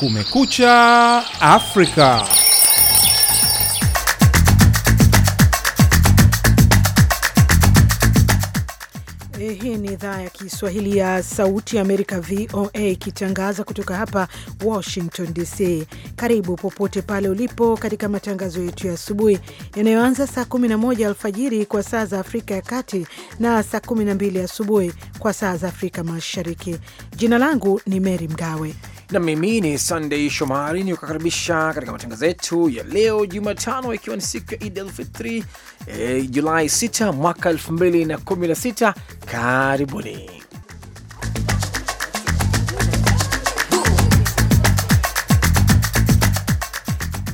Kumekucha Afrika. Eh, hii ni idhaa ya Kiswahili ya Sauti ya Amerika, VOA, ikitangaza kutoka hapa Washington DC. Karibu popote pale ulipo katika matangazo yetu ya asubuhi yanayoanza saa 11 alfajiri kwa saa za Afrika ya Kati na saa 12 asubuhi kwa saa za Afrika Mashariki. Jina langu ni mery Mgawe na mimi ni Sunday Shomari ni kukaribisha katika matangazo yetu ya leo Jumatano, ikiwa ni siku ya Idi Alfitri eh, Julai 6 mwaka 2016. Karibuni.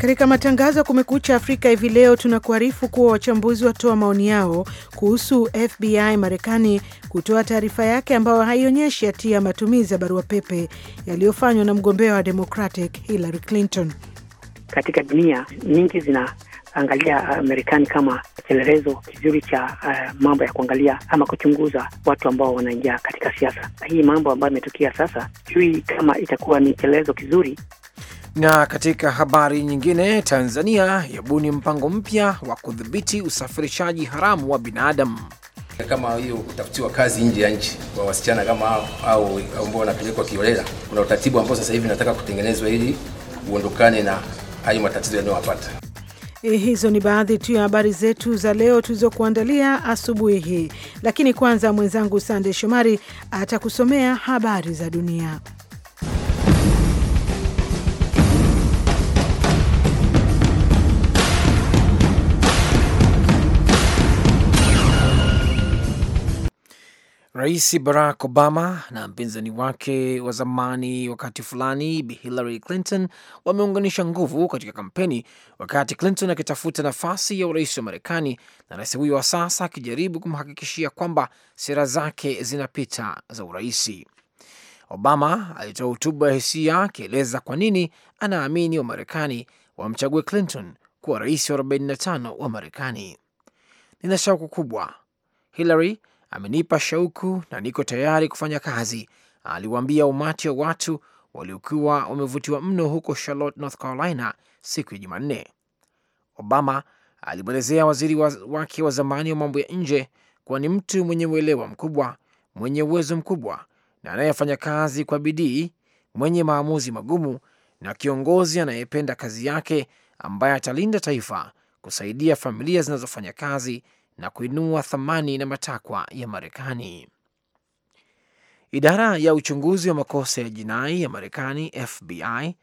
Katika matangazo ya Kumekucha Afrika hivi leo tunakuarifu kuwa wachambuzi watoa maoni yao kuhusu FBI Marekani kutoa taarifa yake ambayo haionyeshi hatia ya matumizi ya barua pepe yaliyofanywa na mgombea wa Democratic Hillary Clinton. Katika dunia nyingi zinaangalia uh, Marekani kama kielelezo kizuri cha uh, mambo ya kuangalia ama kuchunguza watu ambao wanaingia katika siasa. Hii mambo ambayo imetokea sasa, sijui kama itakuwa ni kielelezo kizuri na katika habari nyingine, Tanzania yabuni mpango mpya wa kudhibiti usafirishaji haramu wa binadamu. Kama hiyo utafutiwa kazi nje ya nchi kwa wasichana kama au ambao wanapelekwa kiolela, kuna utaratibu ambao sasa hivi nataka kutengenezwa ili uondokane na hayo matatizo yanayowapata. Eh, hizo ni baadhi tu ya habari zetu za leo tulizokuandalia asubuhi hii, lakini kwanza mwenzangu Sande Shomari atakusomea habari za dunia. Rais Barack Obama na mpinzani wake wa zamani wakati fulani Bi Hillary Clinton wameunganisha nguvu katika kampeni, wakati Clinton akitafuta nafasi ya urais wa Marekani na rais huyo wa sasa akijaribu kumhakikishia kwamba sera zake zinapita za uraisi. Obama alitoa hotuba ya hisia akieleza kwa nini anaamini Wamarekani wamchague Clinton kuwa rais wa 45 wa Marekani. Nina shauku kubwa Hillary amenipa shauku na niko tayari kufanya kazi, aliwaambia umati wa watu waliokuwa wamevutiwa mno huko Charlotte, North Carolina siku ya Jumanne. Obama alimwelezea waziri wa wake wa zamani wa mambo ya nje kuwa ni mtu mwenye uelewa mkubwa, mwenye uwezo mkubwa na anayefanya kazi kwa bidii, mwenye maamuzi magumu na kiongozi anayependa kazi yake ambaye atalinda taifa, kusaidia familia zinazofanya kazi na kuinua thamani na matakwa ya Marekani. Idara ya uchunguzi wa makosa ya jinai ya Marekani, FBI,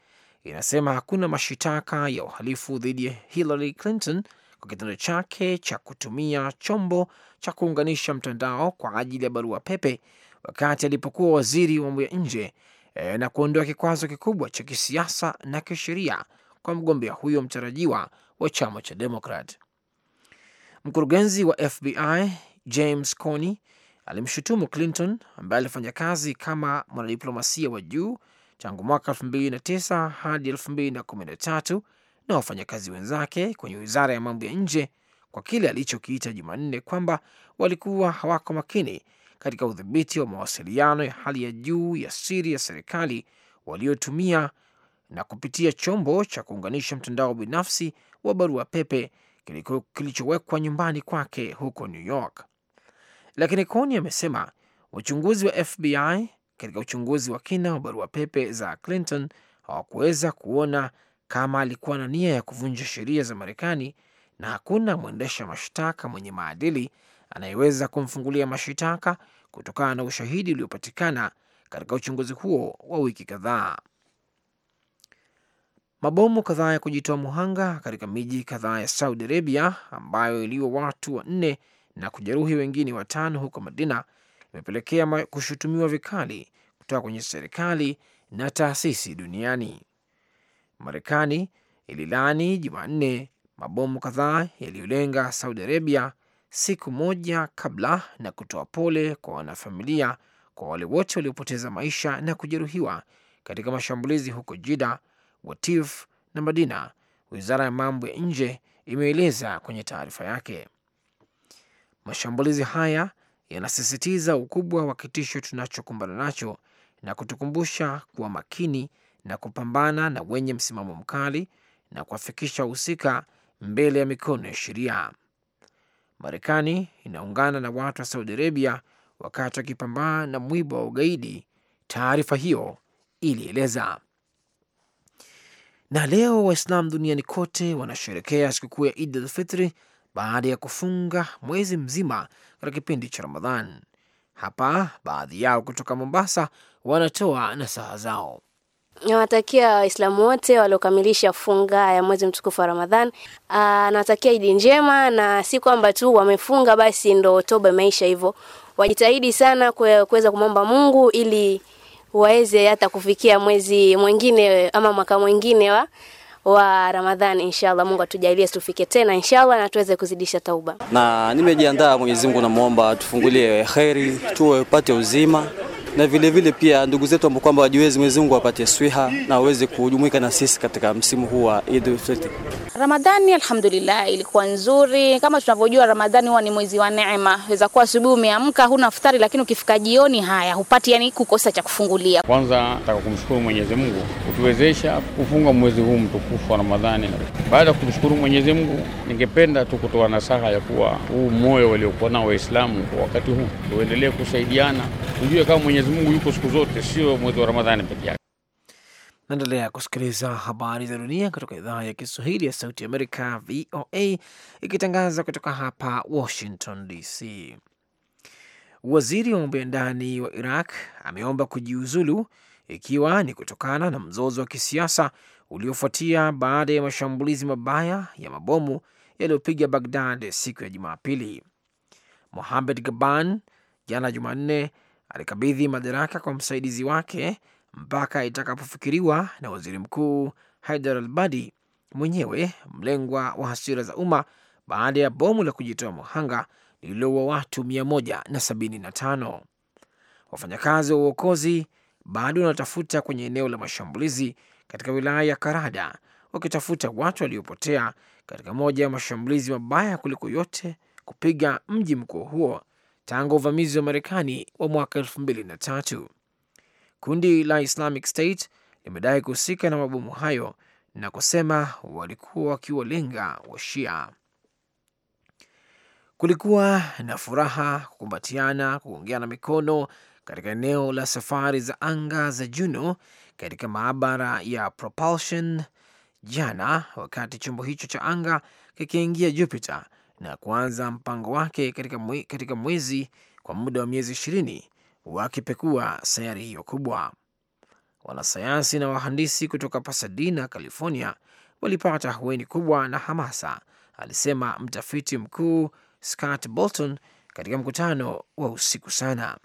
inasema hakuna mashitaka ya uhalifu dhidi ya Hillary Clinton kwa kitendo chake cha kutumia chombo cha kuunganisha mtandao kwa ajili ya barua pepe wakati alipokuwa waziri wa mambo ya nje e, na kuondoa kikwazo kikubwa cha kisiasa na kisheria kwa mgombea huyo mtarajiwa wa chama cha Demokrat. Mkurugenzi wa FBI James Coney alimshutumu Clinton ambaye alifanya kazi kama mwanadiplomasia wa juu tangu mwaka 2009 hadi 2013 na wafanyakazi wenzake kwenye wizara ya mambo ya nje kwa kile alichokiita Jumanne kwamba walikuwa hawako makini katika udhibiti wa mawasiliano ya hali ya juu ya siri ya serikali waliotumia na kupitia chombo cha kuunganisha mtandao binafsi wa barua pepe kilichowekwa nyumbani kwake huko New York. Lakini Kony amesema wachunguzi wa FBI katika uchunguzi wa kina wa barua pepe za Clinton hawakuweza kuona kama alikuwa na nia ya kuvunja sheria za Marekani, na hakuna mwendesha mashtaka mwenye maadili anayeweza kumfungulia mashitaka kutokana na ushahidi uliopatikana katika uchunguzi huo wa wiki kadhaa. Mabomu kadhaa ya kujitoa muhanga katika miji kadhaa ya Saudi Arabia ambayo iliua watu wanne na kujeruhi wengine watano huko Madina imepelekea kushutumiwa vikali kutoka kwenye serikali na taasisi duniani. Marekani ililani Jumanne mabomu kadhaa yaliyolenga Saudi Arabia siku moja kabla na kutoa pole kwa wanafamilia kwa wale wote waliopoteza maisha na kujeruhiwa katika mashambulizi huko Jida Watif na Madina, wizara ya mambo ya nje imeeleza kwenye taarifa yake. Mashambulizi haya yanasisitiza ukubwa wa kitisho tunachokumbana nacho na kutukumbusha kuwa makini na kupambana na wenye msimamo mkali na kuwafikisha wahusika mbele ya mikono ya sheria. Marekani inaungana na watu wa Saudi Arabia wakati wakipambana na mwiba wa ugaidi, taarifa hiyo ilieleza. Na leo waislam duniani kote wanasherekea sikukuu ya Idi Alfitri baada ya kufunga mwezi mzima katika kipindi cha Ramadhan. Hapa baadhi yao kutoka Mombasa wanatoa nasaha zao. Nawatakia Waislamu wote waliokamilisha funga ya mwezi mtukufu wa Ramadhan. Ah, nawatakia Idi njema, na si kwamba tu wamefunga basi ndo toba imeisha hivyo. Wajitahidi sana kuweza kumwomba Mungu ili waweze hata kufikia mwezi mwingine ama mwaka mwingine wa wa Ramadhani inshallah. Mungu atujalie tufike tena inshallah na tuweze kuzidisha tauba. Na nimejiandaa, Mwenyezi Mungu namuomba tufungulie kheri, tuwe upate uzima na vilevile vile pia ndugu zetu ambao kwamba wajiwezi, Mwenyezi Mungu awapatie swiha na waweze kujumuika na sisi katika msimu huu wa Eid Fitr. Ramadhani alhamdulillah ilikuwa nzuri. Kama tunavyojua, Ramadhani huwa ni mwezi wa neema. Weza kuwa asubuhi umeamka huna futari, lakini ukifika jioni haya hupati, yani kukosa cha kufungulia. Kwanza nataka kumshukuru Mwenyezi Mungu kutuwezesha kufunga mwezi huu mtukufu wa Ramadhani. Baada ya kumshukuru Mwenyezi Mungu, ningependa tu kutoa nasaha ya kuwa huu moyo waliokuwa nao Waislamu kwa wakati huu tuendelee kusaidiana, tujue kama Mwenyezi Mwenyezi Mungu yuko siku zote, sio mwezi wa Ramadhani peke yake. Naendelea kusikiliza habari za dunia kutoka idhaa ya Kiswahili ya Sauti Amerika, VOA, ikitangaza kutoka hapa Washington DC. Waziri wa mambo ya ndani wa Iraq ameomba kujiuzulu ikiwa ni kutokana na mzozo wa kisiasa uliofuatia baada ya mashambulizi mabaya ya mabomu yaliyopiga Bagdad siku ya Jumapili. Mohamed Gaban jana Jumanne alikabidhi madaraka kwa msaidizi wake mpaka itakapofikiriwa na waziri mkuu Haidar al-Badi mwenyewe, mlengwa wa hasira za umma baada ya bomu la kujitoa muhanga lililoua watu 175. Wafanyakazi wa uokozi bado wanatafuta kwenye eneo la mashambulizi katika wilaya ya Karada, wakitafuta watu waliopotea katika moja ya mashambulizi mabaya kuliko yote kupiga mji mkuu huo tangu uvamizi wa Marekani wa mwaka elfu mbili na tatu. Kundi la Islamic State limedai kuhusika na mabomu hayo na kusema walikuwa wakiwalenga Washia. Kulikuwa na furaha, kukumbatiana, kuongeana mikono katika eneo la safari za anga za Juno katika maabara ya propulsion jana, wakati chombo hicho cha anga kikiingia Jupiter na kuanza mpango wake katika, mwe, katika mwezi kwa muda wa miezi ishirini wakipekua sayari hiyo kubwa. Wanasayansi na wahandisi kutoka Pasadena, California walipata hueni kubwa na hamasa, alisema mtafiti mkuu Scott Bolton katika mkutano wa usiku sana.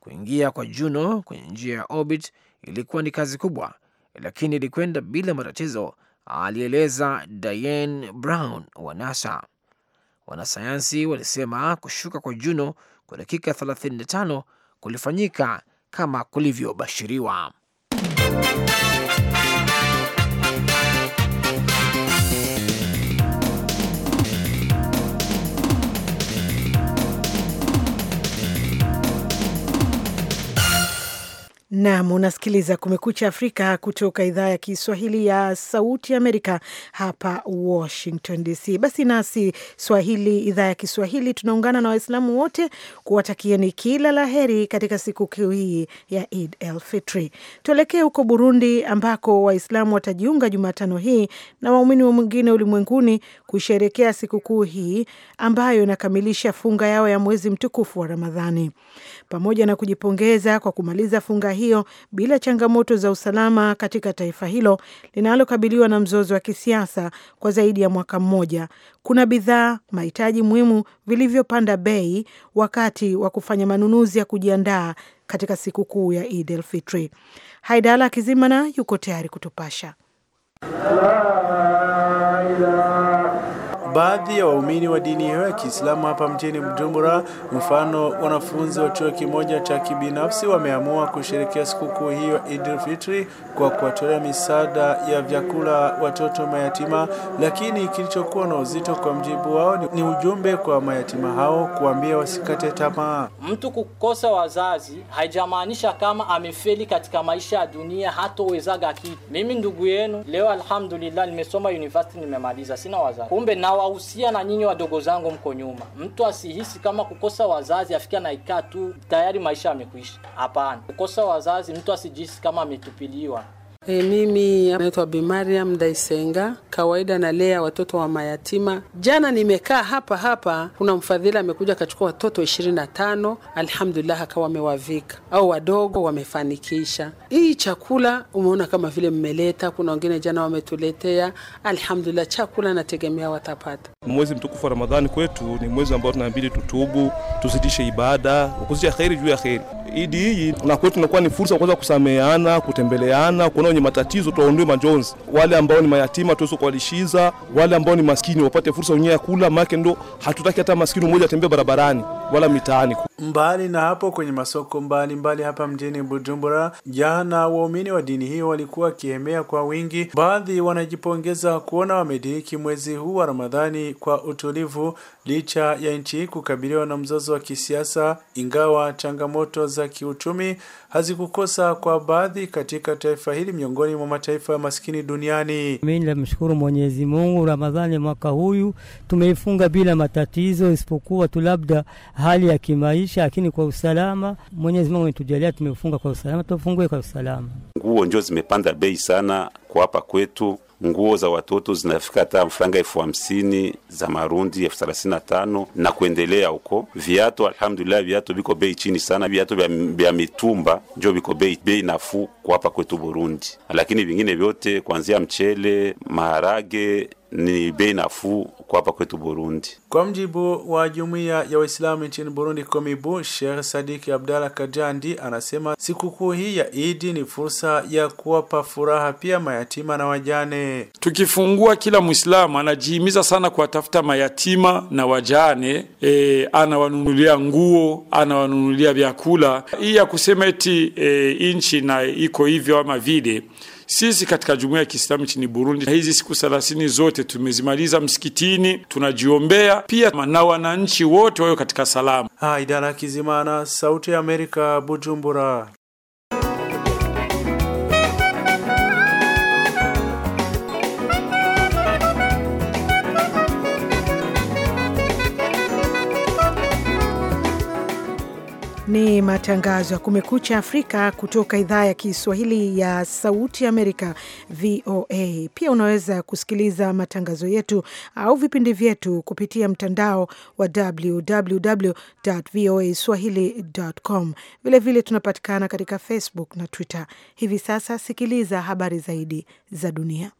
Kuingia kwa Juno kwenye njia ya orbit ilikuwa ni kazi kubwa, lakini ilikwenda bila matatizo, alieleza Diane Brown wa NASA. Wanasayansi walisema kushuka kwa Juno kwa dakika 35 kulifanyika kama kulivyobashiriwa. Nam, unasikiliza Kumekucha Afrika kutoka idhaa ya Kiswahili ya Sauti Amerika hapa Washington DC. Basi nasi Swahili, idhaa ya Kiswahili, tunaungana na Waislamu wote kuwatakieni kila la heri katika sikukuu hii ya Id el Fitri. Tuelekee huko Burundi ambako Waislamu watajiunga Jumatano hii na waumini wa mwingine ulimwenguni kusherekea sikukuu hii ambayo inakamilisha funga yao ya mwezi mtukufu wa Ramadhani. Pamoja na kujipongeza kwa kumaliza funga hiyo bila changamoto za usalama katika taifa hilo linalokabiliwa na mzozo wa kisiasa kwa zaidi ya mwaka mmoja, kuna bidhaa, mahitaji muhimu vilivyopanda bei wakati wa kufanya manunuzi ya kujiandaa katika sikukuu ya Eid fitri Haidala Kizimana yuko tayari kutupasha. La ilaha baadhi ya waumini wa dini hiyo ya Kiislamu hapa mjini Bujumbura, mfano wanafunzi wa chuo kimoja cha kibinafsi, wameamua kusherekea sikukuu hiyo Idul Fitri kwa kuwatolea misaada ya vyakula watoto mayatima, lakini kilichokuwa na uzito kwa mjibu wao ni ujumbe kwa mayatima hao kuambia wasikate tamaa. Mtu kukosa wazazi haijamaanisha kama amefeli katika maisha ya dunia, hatowezaga kitu. Mimi ndugu yenu leo, alhamdulillah, nimesoma university, nimemaliza, sina wazazi, kumbe na nawahusia na nyinyi wadogo zangu, mko nyuma. Mtu asihisi kama kukosa wazazi afikia ikaa tu tayari maisha yamekwisha. Hapana, kukosa wazazi, mtu asijihisi kama ametupiliwa. E, mimi naitwa Bi Mariam Daisenga, kawaida nalea watoto wa mayatima. Jana nimekaa hapa hapa, kuna mfadhili amekuja akachukua watoto ishirini na tano, alhamdulillah akawa amewavika au wadogo wamefanikisha. Hii chakula umeona kama vile mmeleta, kuna wengine jana wametuletea, alhamdulillah chakula nategemea watapata. Mwezi mtukufu wa Ramadhani kwetu ni mwezi ambao tunabidi tutubu, tuzidishe ibada, ukuzidisha kheri juu ya kheri. Idi hii na kwetu tunakuwa ni fursa kuweza kusameheana, kutembeleana, kuona wale wenye matatizo tuwaondoe majonzi, wale ambao ni mayatima tuweze kuwalishiza, wale ambao ni maskini wapate fursa wenyewe ya kula, make ndo hatutaki hata maskini mmoja atembee barabarani wala mitaani. Mbali na hapo, kwenye masoko mbalimbali mbali hapa mjini Bujumbura, jana waumini wa dini hiyo walikuwa wakihemea kwa wingi, baadhi wanajipongeza kuona wamediriki mwezi huu wa Ramadhani kwa utulivu, licha ya nchi kukabiliwa na mzozo wa kisiasa, ingawa changamoto za kiuchumi hazikukosa kwa baadhi katika taifa hili, miongoni mwa mataifa ya maskini duniani. Mimi namshukuru Mwenyezi Mungu, Ramadhani mwaka huyu tumeifunga bila matatizo, isipokuwa tu labda hali ya kimaisha kuishi, lakini kwa usalama. Mwenyezi Mungu ametujalia, tumefunga kwa usalama, tufungue kwa usalama. Nguo njo zimepanda bei sana kwa hapa kwetu nguo za watoto zinafika hata mfranga elfu hamsini za Marundi, elfu thelathini na tano na kuendelea huko. Viatu alhamdulillah, viatu viko bei chini sana, viatu vya mitumba njo viko bei bei nafuu kwa hapa kwetu Burundi, lakini vingine vyote kuanzia mchele, maharage ni bei nafuu kwa hapa kwetu Burundi. Kwa mjibu wa jumuiya ya Waislamu nchini Burundi, Komibu, Sheikh Sadiki Abdalla Kajandi anasema sikukuu hii ya Idi ni fursa ya kuwapa furaha pia mayatima na wajane. Tukifungua, kila Mwislamu anajihimiza sana kuwatafuta mayatima na wajane e, anawanunulia nguo, anawanunulia vyakula. Hii ya kusema eti e, nchi na iko hivyo ama vile sisi katika jumuiya ya Kiislamu nchini Burundi hizi siku thelathini zote tumezimaliza msikitini, tunajiombea pia na wananchi wote wawe katika salama. Ha, ah, Idara ya Kizimana, Sauti ya Amerika, Bujumbura. Ni matangazo ya Kumekucha Afrika kutoka idhaa ya Kiswahili ya Sauti Amerika, VOA. Pia unaweza kusikiliza matangazo yetu au vipindi vyetu kupitia mtandao wa www voa swahili.com. Vilevile tunapatikana katika Facebook na Twitter. Hivi sasa sikiliza habari zaidi za dunia.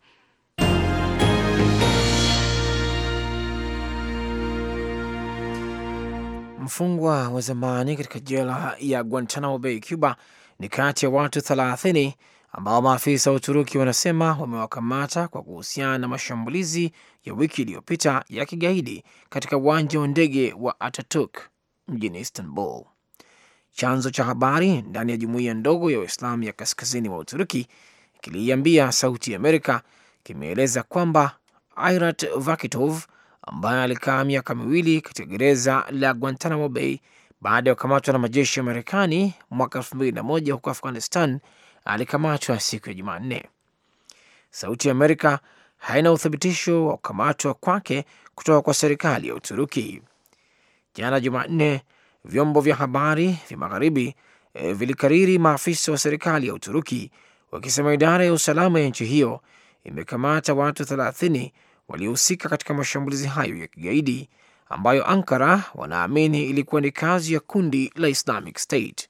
Mfungwa wa zamani katika jela ya Guantanamo Bay, Cuba, ni kati ya watu 30 ambao maafisa wa Uturuki wanasema wamewakamata kwa kuhusiana na mashambulizi ya wiki iliyopita ya kigaidi katika uwanja wa ndege wa Ataturk mjini Istanbul. Chanzo cha habari ndani ya jumuiya ndogo ya Waislamu ya kaskazini wa Uturuki kiliiambia Sauti ya Amerika kimeeleza kwamba Ayrat Vakitov ambaye alikaa miaka miwili katika gereza la Guantanamo Bay baada ya kukamatwa na majeshi ya Marekani mwaka 2001 huko Afghanistan, alikamatwa siku ya Jumanne. Sauti ya Amerika haina uthibitisho wa kukamatwa kwake kutoka kwa serikali ya Uturuki. Jana Jumanne, vyombo vya habari vya magharibi e, vilikariri maafisa wa serikali ya Uturuki wakisema idara ya usalama ya nchi hiyo imekamata watu 30 waliohusika katika mashambulizi hayo ya kigaidi ambayo Ankara wanaamini ilikuwa ni kazi ya kundi la Islamic State.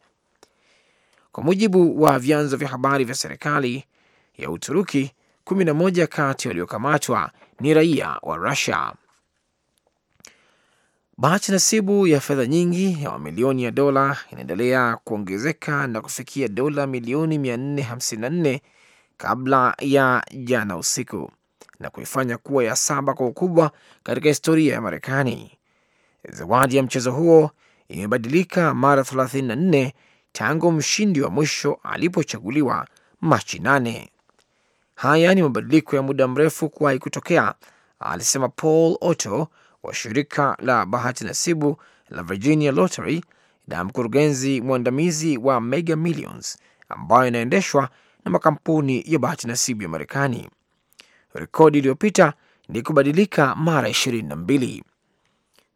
Kwa mujibu wa vyanzo vya habari vya serikali ya Uturuki, 11 kati waliokamatwa ni raia wa Rusia. Bahati nasibu ya fedha nyingi ya mamilioni ya dola inaendelea kuongezeka na kufikia dola milioni 454 kabla ya jana usiku na kuifanya kuwa ya saba kwa ukubwa katika historia ya Marekani. Zawadi ya mchezo huo imebadilika mara 34 tangu mshindi wa mwisho alipochaguliwa Machi 8. Haya ni mabadiliko ya muda mrefu kuwahi kutokea, alisema Paul Otto wa shirika la bahati nasibu la Virginia Lottery na mkurugenzi mwandamizi wa Mega Millions ambayo inaendeshwa na makampuni ya bahati nasibu ya Marekani rekodi iliyopita ni kubadilika mara 22.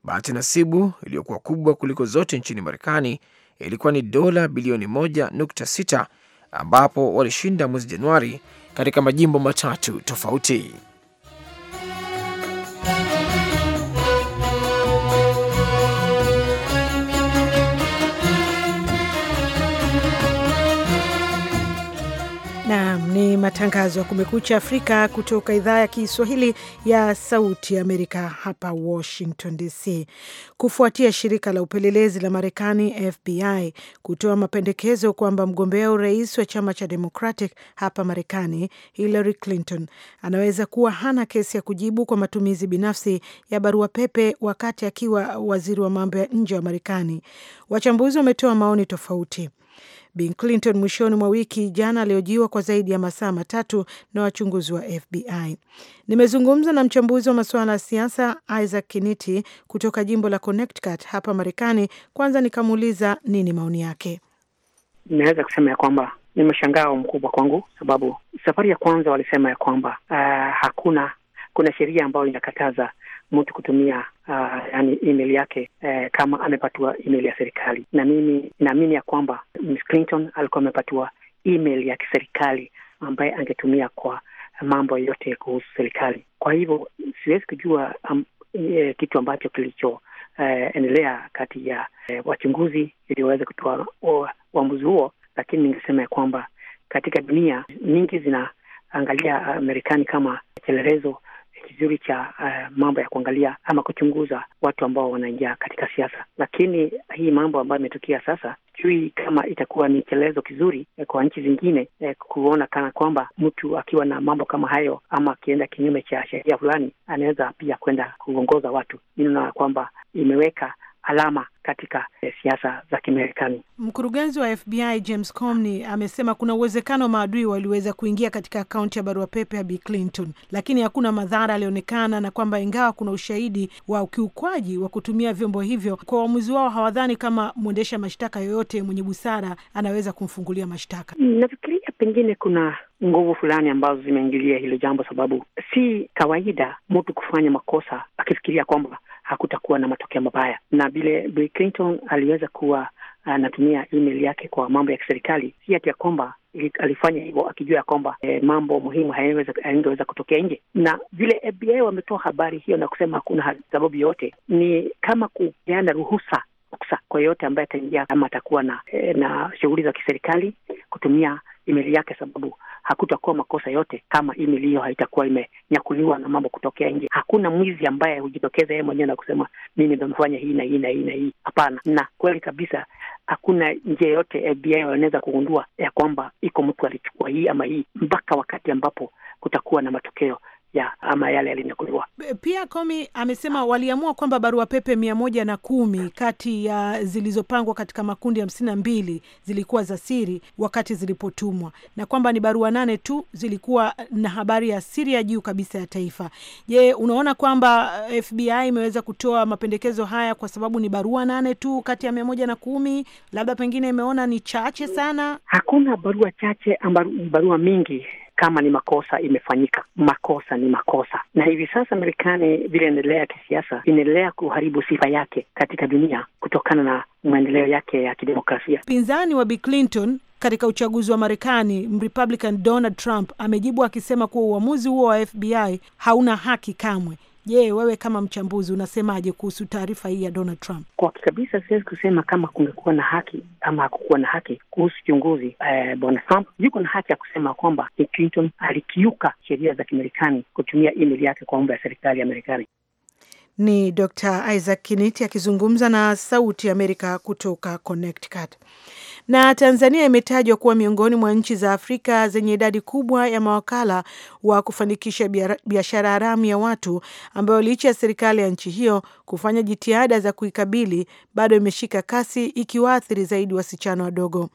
Bahati nasibu iliyokuwa kubwa kuliko zote nchini Marekani ilikuwa ni dola bilioni 1.6 ambapo walishinda mwezi Januari katika majimbo matatu tofauti. matangazo ya Kumekucha Afrika kutoka idhaa ya Kiswahili ya Sauti Amerika hapa Washington DC. Kufuatia shirika la upelelezi la Marekani FBI kutoa mapendekezo kwamba mgombea urais wa chama cha Democratic hapa Marekani Hillary Clinton anaweza kuwa hana kesi ya kujibu kwa matumizi binafsi ya barua pepe wakati akiwa waziri wa mambo ya nje wa Marekani, wachambuzi wametoa maoni tofauti. Bin Clinton mwishoni mwa wiki jana aliojiwa kwa zaidi ya masaa matatu na wachunguzi wa FBI. Nimezungumza na mchambuzi wa masuala ya siasa Isaac Kiniti kutoka jimbo la Connecticut hapa Marekani. Kwanza nikamuuliza nini maoni yake. inaweza kusema ya kwamba ni mshangao mkubwa kwangu, sababu safari ya kwanza walisema ya kwamba uh, hakuna kuna sheria ambayo inakataza mtu kutumia uh, yani email yake eh, kama amepatiwa email ya serikali, na mimi naamini ya kwamba Ms Clinton alikuwa amepatiwa email ya kiserikali ambaye angetumia kwa mambo yote kuhusu serikali. Kwa hivyo siwezi kujua um, e, kitu ambacho kilichoendelea eh, uh, kati ya uh, wachunguzi waweze kutoa uamuzi huo, lakini ningesema ya kwamba katika dunia nyingi zinaangalia Marekani kama kielelezo kizuri cha uh, mambo ya kuangalia ama kuchunguza watu ambao wanaingia katika siasa, lakini hii mambo ambayo imetokea sasa, sijui kama itakuwa ni chelezo kizuri eh, kwa nchi zingine eh, kuona kana kwamba mtu akiwa na mambo kama hayo ama akienda kinyume cha sheria fulani anaweza pia kwenda kuongoza watu. Ninaona kwamba imeweka alama katika eh, siasa za Kimarekani. Mkurugenzi wa FBI James Comey amesema kuna uwezekano maadui waliweza kuingia katika akaunti ya barua pepe ya Bi Clinton, lakini hakuna madhara yaliyoonekana, na kwamba ingawa kuna ushahidi wa ukiukwaji wa kutumia vyombo hivyo kwa uamuzi wao, hawadhani kama mwendesha mashtaka yoyote mwenye busara anaweza kumfungulia mashtaka. Nafikiria pengine kuna nguvu fulani ambazo zimeingilia hilo jambo, sababu si kawaida mtu kufanya makosa akifikiria kwamba hakutakuwa na matokeo mabaya. Na vile Bill Clinton aliweza kuwa uh, anatumia email yake kwa mambo ya kiserikali, si hati ya kwamba alifanya hivyo akijua ya kwamba e, mambo muhimu haingeweza kutokea nje. Na vile FBI wametoa habari hiyo na kusema hakuna sababu yoyote, ni kama kupeana ruhusa kwa yoyote ambaye ataingia ama atakuwa na, e, na shughuli za kiserikali kutumia email yake, sababu hakutakuwa makosa yote kama email hiyo haitakuwa imenyakuliwa na mambo kutokea nje. Hakuna mwizi ambaye hujitokeza yeye mwenyewe na kusema mimi nimefanya hii na hii na hii na hii. Hapana, na kweli kabisa hakuna njia yote FBI wanaweza kugundua ya kwamba iko mtu alichukua hii ama hii, mpaka wakati ambapo kutakuwa na matokeo ya ama yale yalinyakuliwa. Pia Komi amesema waliamua kwamba barua pepe mia moja na kumi kati ya zilizopangwa katika makundi hamsini na mbili zilikuwa za siri wakati zilipotumwa na kwamba ni barua nane tu zilikuwa na habari ya siri ya juu kabisa ya taifa. Je, unaona kwamba eh, FBI imeweza kutoa mapendekezo haya kwa sababu ni barua nane tu kati ya mia moja na kumi? Labda pengine imeona ni chache sana. Hakuna barua chache, ni barua mingi kama ni makosa imefanyika. Makosa ni makosa, na hivi sasa Marekani vile inaendelea kisiasa, inaendelea kuharibu sifa yake katika dunia kutokana na maendeleo yake ya kidemokrasia. pinzani wa Bi Clinton katika uchaguzi wa Marekani, Mrepublican Donald Trump amejibu akisema kuwa uamuzi huo wa FBI hauna haki kamwe. Je, wewe kama mchambuzi unasemaje kuhusu taarifa hii ya Donald Trump? Kwa hakika kabisa siwezi kusema kama kungekuwa na haki ama hakukuwa na haki kuhusu kiongozi eh, bwana Trump. Yuko na haki ya kusema kwamba Clinton alikiuka sheria za Kimarekani kutumia email yake kwa omba ya serikali ya Marekani. Ni Dr Isaac Kiniti akizungumza na Sauti Amerika kutoka Connecticut na Tanzania imetajwa kuwa miongoni mwa nchi za Afrika zenye idadi kubwa ya mawakala wa kufanikisha biashara haramu ya watu, ambayo licha ya serikali ya nchi hiyo kufanya jitihada za kuikabili bado imeshika kasi, ikiwaathiri zaidi wasichana wadogo.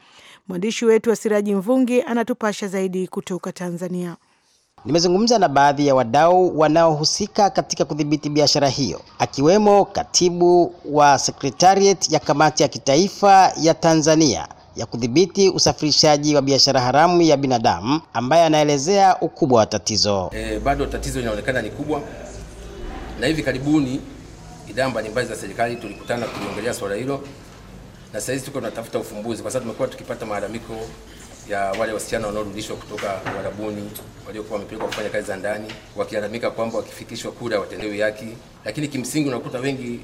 Mwandishi wetu wa Siraji Mvungi anatupasha zaidi kutoka Tanzania. Nimezungumza na baadhi ya wadau wanaohusika katika kudhibiti biashara hiyo akiwemo katibu wa sekretariat ya kamati ya kitaifa ya Tanzania ya kudhibiti usafirishaji wa biashara haramu ya binadamu ambaye anaelezea ukubwa wa tatizo. E, bado tatizo linaonekana ni kubwa, na hivi karibuni idara mbalimbali za serikali tulikutana kuliongelea swala hilo, na sasa hivi tuko tunatafuta ufumbuzi, kwa sababu tumekuwa tukipata malalamiko ya wale wasichana wanaorudishwa kutoka Uarabuni waliokuwa wamepelekwa kufanya kazi za ndani, wakilalamika kwamba wakifikishwa kura watendewi haki, lakini kimsingi unakuta wengi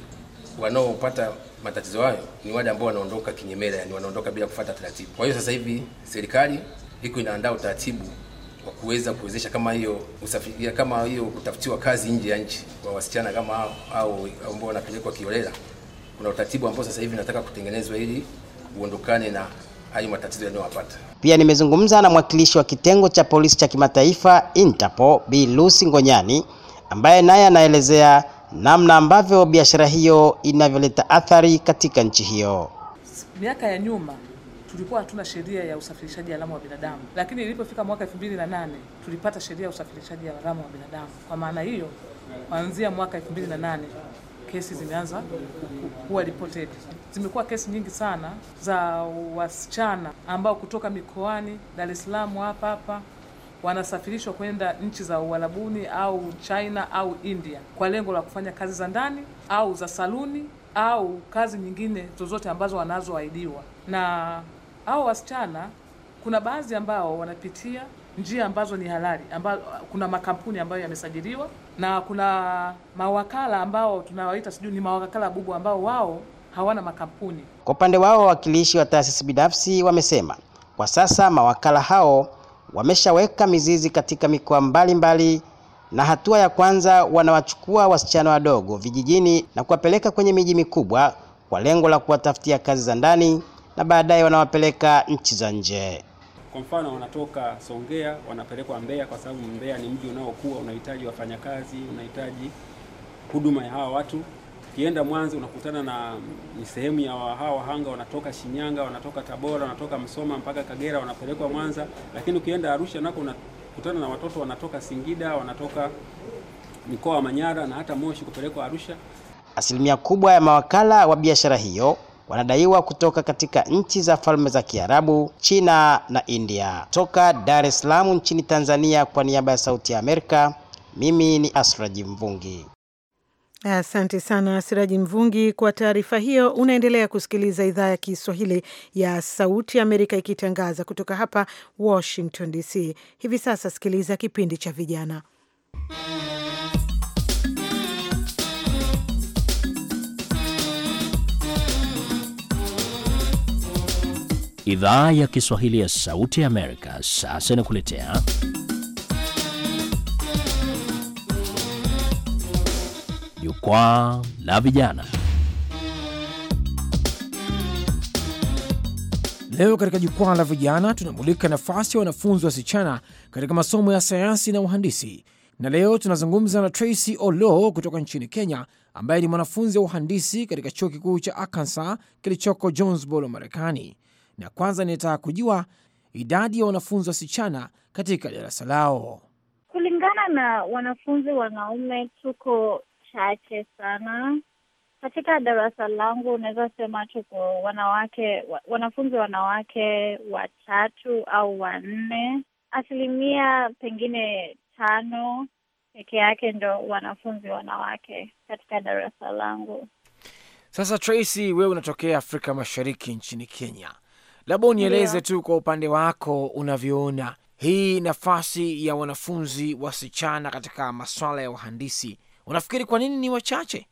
wanaopata matatizo hayo ni wale ambao wanaondoka kinyemela, yani wanaondoka bila kufuata taratibu. Kwa hiyo sasa hivi serikali iko inaandaa utaratibu wa kuweza kuwezesha kama hiyo usafiri, kama hiyo kutafutiwa kazi nje ya nchi kwa wasichana kama hao au ambao wanapelekwa kiolela. Kuna utaratibu ambao sasa hivi nataka kutengenezwa ili uondokane na hayo matatizo yanayowapata. Pia nimezungumza na mwakilishi wa kitengo cha polisi cha kimataifa Interpol, Bi Lucy Ngonyani ambaye naye anaelezea namna ambavyo biashara hiyo inavyoleta athari katika nchi hiyo. Miaka ya nyuma tulikuwa hatuna sheria ya usafirishaji alama wa binadamu, lakini ilipofika mwaka elfu mbili na nane tulipata sheria ya usafirishaji alama wa binadamu. Kwa maana hiyo, kuanzia mwaka elfu mbili na nane kesi zimeanza kuwa reported. Zimekuwa kesi nyingi sana za wasichana ambao kutoka mikoani Dar es Salaam hapa hapa wanasafirishwa kwenda nchi za Uarabuni au China au India kwa lengo la kufanya kazi za ndani au za saluni au kazi nyingine zozote ambazo wanazoahidiwa. Na hao wasichana, kuna baadhi ambao wanapitia njia ambazo ni halali ambazo, kuna makampuni ambayo yamesajiliwa na kuna mawakala ambao tunawaita sijui ni mawakala bubu ambao wao hawana makampuni. Kwa upande wao, wawakilishi wa taasisi binafsi wamesema kwa sasa mawakala hao wameshaweka mizizi katika mikoa mbalimbali na hatua ya kwanza wanawachukua wasichana wadogo vijijini na kuwapeleka kwenye miji mikubwa kwa lengo la kuwatafutia kazi za ndani na baadaye wanawapeleka nchi za nje. Kwa mfano wanatoka Songea wanapelekwa Mbeya, kwa sababu Mbeya ni mji unaokuwa unahitaji wafanyakazi, unahitaji huduma ya hawa watu. Ukienda Mwanza unakutana na ni sehemu ya hawa wahanga wanatoka Shinyanga, wanatoka Tabora, wanatoka Msoma mpaka Kagera, wanapelekwa Mwanza. Lakini ukienda Arusha nako unakutana na watoto wanatoka Singida, wanatoka mikoa wa Manyara na hata Moshi kupelekwa Arusha. Asilimia kubwa ya mawakala wa biashara hiyo wanadaiwa kutoka katika nchi za Falme za Kiarabu, China na India. Toka Dar es Salaam nchini Tanzania, kwa niaba ya Sauti ya Amerika, mimi ni Asraji Mvungi. Asante sana Siraji Mvungi kwa taarifa hiyo. Unaendelea kusikiliza idhaa ya Kiswahili ya Sauti Amerika ikitangaza kutoka hapa Washington DC. Hivi sasa sikiliza kipindi cha Vijana Idhaa ya Kiswahili ya Sauti Amerika sasa inakuletea jukwaa la vijana. Leo katika jukwaa la vijana tunamulika nafasi ya wanafunzi wasichana katika masomo ya sayansi na uhandisi, na leo tunazungumza na Tracy Olo kutoka nchini Kenya, ambaye ni mwanafunzi wa uhandisi katika chuo kikuu cha Arkansas kilichoko Jonesboro, Marekani. Na kwanza ninataka kujua idadi ya wanafunzi wasichana katika darasa lao. Kulingana na wanafunzi wanaume, tuko chache sana katika darasa langu. Unaweza sema tuko wanawake, wanafunzi wanawake watatu au wanne, asilimia pengine tano peke yake ndo wanafunzi wanawake katika darasa langu. Sasa Tracy, wewe unatokea Afrika Mashariki nchini Kenya, labda unieleze tu kwa upande wako unavyoona hii nafasi ya wanafunzi wasichana katika maswala ya uhandisi Unafikiri kwa nini ni wachache?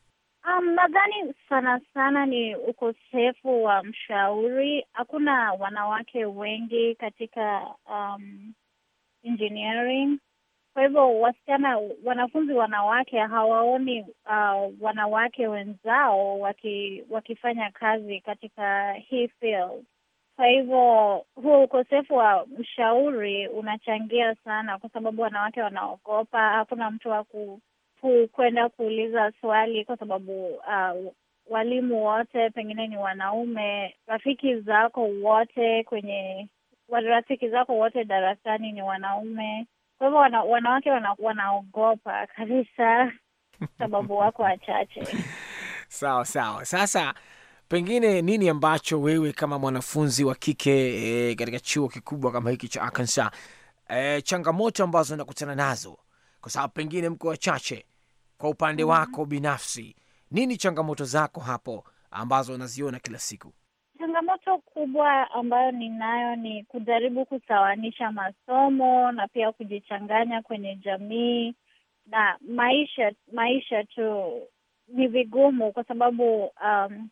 Um, nadhani sana sana ni ukosefu wa mshauri. Hakuna wanawake wengi katika um, engineering. Kwa hivyo wasichana, wanafunzi wanawake hawaoni uh, wanawake wenzao waki, wakifanya kazi katika hii field. Kwa hivyo huo ukosefu wa mshauri unachangia sana, kwa sababu wanawake wanaogopa, hakuna mtu wa ku kwenda kuuliza swali kwa sababu uh, walimu wote pengine ni wanaume, rafiki zako wote kwenye rafiki zako wote darasani ni wanaume. Kwa hivyo wana, wanawake wana, wanaogopa kabisa sababu wako wachache. Sawa sawa. Sasa pengine nini ambacho wewe kama mwanafunzi wa kike e, katika chuo kikubwa kama hiki cha Arkansas e, changamoto ambazo nakutana nazo, kwa sababu pengine mko wachache kwa upande mm-hmm. wako binafsi, nini changamoto zako hapo ambazo unaziona kila siku? Changamoto kubwa ambayo ninayo ni kujaribu kusawanisha masomo na pia kujichanganya kwenye jamii na maisha. Maisha tu ni vigumu kwa sababu um,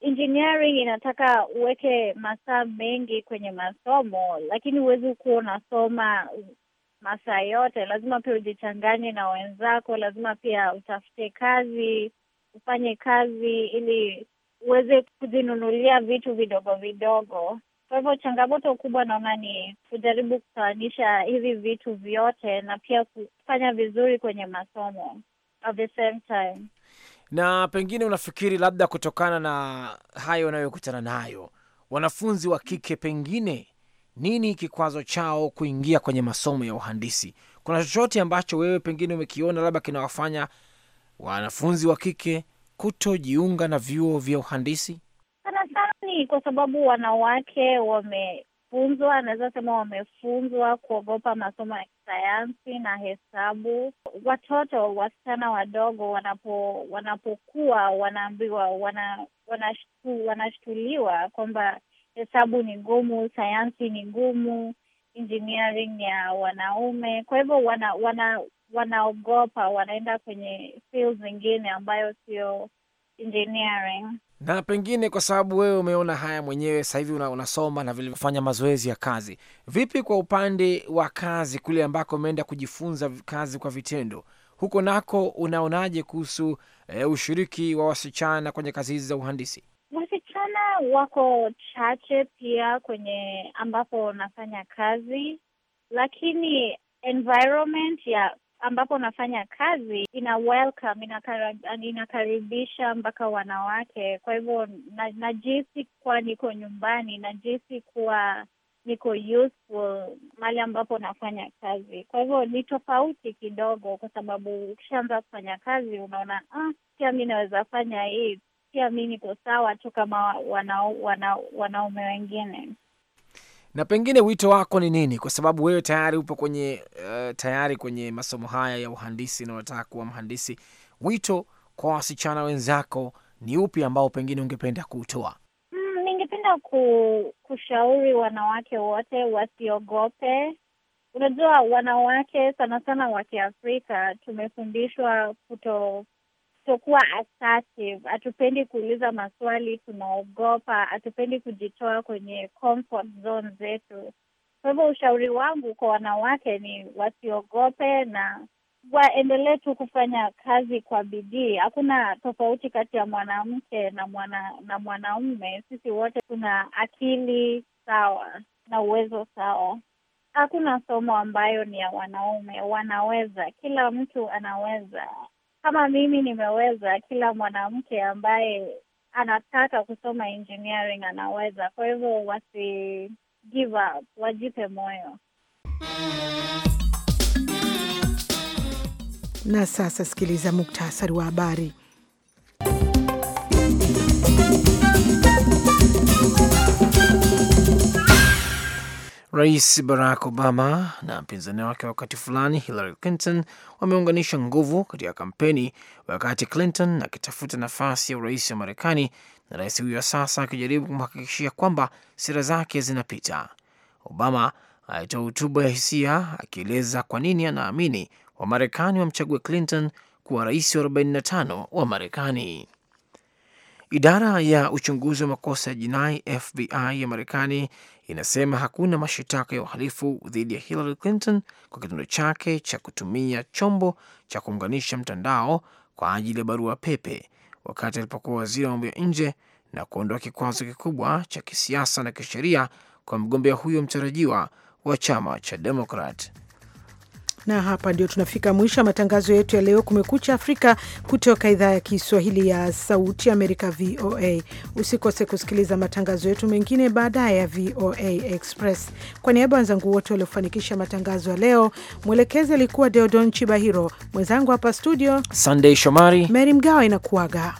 engineering inataka uweke masaa mengi kwenye masomo, lakini huwezi kuwa unasoma masaa yote, lazima pia ujichanganye na wenzako, lazima pia utafute kazi, ufanye kazi ili uweze kujinunulia vitu vidogo vidogo. Kwa hivyo changamoto kubwa naona ni kujaribu kusawanisha hivi vitu vyote na pia kufanya vizuri kwenye masomo at the same time. Na pengine unafikiri labda kutokana na hayo unayokutana nayo, wanafunzi wa kike pengine nini kikwazo chao kuingia kwenye masomo ya uhandisi? Kuna chochote ambacho wewe pengine umekiona labda kinawafanya wanafunzi wa kike kutojiunga na vyuo vya uhandisi? Sana sana ni kwa sababu wanawake wamefunzwa, naweza sema wamefunzwa kuogopa masomo ya kisayansi na hesabu. Watoto wasichana wadogo wanapo wanapokuwa wanaambiwa, wanashtuliwa wana, wana kwamba hesabu ni ngumu, sayansi ni ngumu, engineering ya wanaume. Kwa hivyo wana, wana, wanaogopa, wanaenda kwenye fields zingine ambayo sio engineering. Na pengine kwa sababu wewe umeona haya mwenyewe sasa hivi una, unasoma na vilivyofanya mazoezi ya kazi, vipi kwa upande wa kazi kule ambako umeenda kujifunza kazi kwa vitendo huko nako unaonaje kuhusu e, ushiriki wa wasichana kwenye kazi hizi za uhandisi? Wasichana wako chache pia kwenye ambapo unafanya kazi, lakini environment ya ambapo unafanya kazi ina welcome, inakaribisha mpaka wanawake. Kwa hivyo na, najihisi kuwa niko nyumbani, najihisi kuwa niko useful mali ambapo unafanya kazi. Kwa hivyo ni tofauti kidogo, kwa sababu ukishaanza kufanya kazi unaona ah, pia mi naweza fanya hii pia mi niko sawa tu kama wanaume wana, wana wengine. Na pengine wito wako ni nini? Kwa sababu wewe tayari upo kwenye uh, tayari kwenye masomo haya ya uhandisi na unataka kuwa mhandisi, wito kwa wasichana wenzako ni upi ambao pengine ungependa kuutoa? Mm, ningependa ku, kushauri wanawake wote wasiogope. Unajua, wanawake sana sana wa Kiafrika tumefundishwa kuto kutokuwa assertive, hatupendi kuuliza maswali, tunaogopa, hatupendi kujitoa kwenye comfort zone zetu. Kwa hivyo ushauri wangu kwa wanawake ni wasiogope na waendelee tu kufanya kazi kwa bidii. Hakuna tofauti kati ya mwanamke na mwana na mwanaume, sisi wote tuna akili sawa na uwezo sawa. Hakuna somo ambayo ni ya wanaume, wanaweza, kila mtu anaweza kama mimi nimeweza, kila mwanamke ambaye anataka kusoma engineering anaweza. Kwa hivyo wasi give up, wajipe moyo. Na sasa sikiliza muktasari wa habari. Rais Barack Obama na mpinzani wake wakati fulani Hillary Clinton wameunganisha nguvu katika kampeni, wakati Clinton akitafuta nafasi ya urais wa Marekani na rais huyo sasa akijaribu kumhakikishia kwamba sera zake zinapita. Obama alitoa hotuba ya hisia akieleza kwa nini anaamini Wamarekani wamchague Clinton kuwa rais wa 45 wa Marekani. Idara ya uchunguzi wa makosa ya jinai FBI ya Marekani inasema hakuna mashitaka ya uhalifu dhidi ya Hillary Clinton kwa kitendo chake cha kutumia chombo cha kuunganisha mtandao kwa ajili ya barua pepe wakati alipokuwa waziri wa mambo ya nje na kuondoa kikwazo kikubwa cha kisiasa na kisheria kwa mgombea huyo mtarajiwa wa chama cha Demokrat na hapa ndio tunafika mwisho wa matangazo yetu ya leo, Kumekucha Afrika, kutoka idhaa ya Kiswahili ya Sauti Amerika, VOA. Usikose kusikiliza matangazo yetu mengine baadaye ya VOA Express. Kwa niaba ya wenzangu wote waliofanikisha matangazo ya leo, mwelekezi alikuwa Deodon Chibahiro, mwenzangu hapa studio Sandey Shomari, Meri Mgawa inakuaga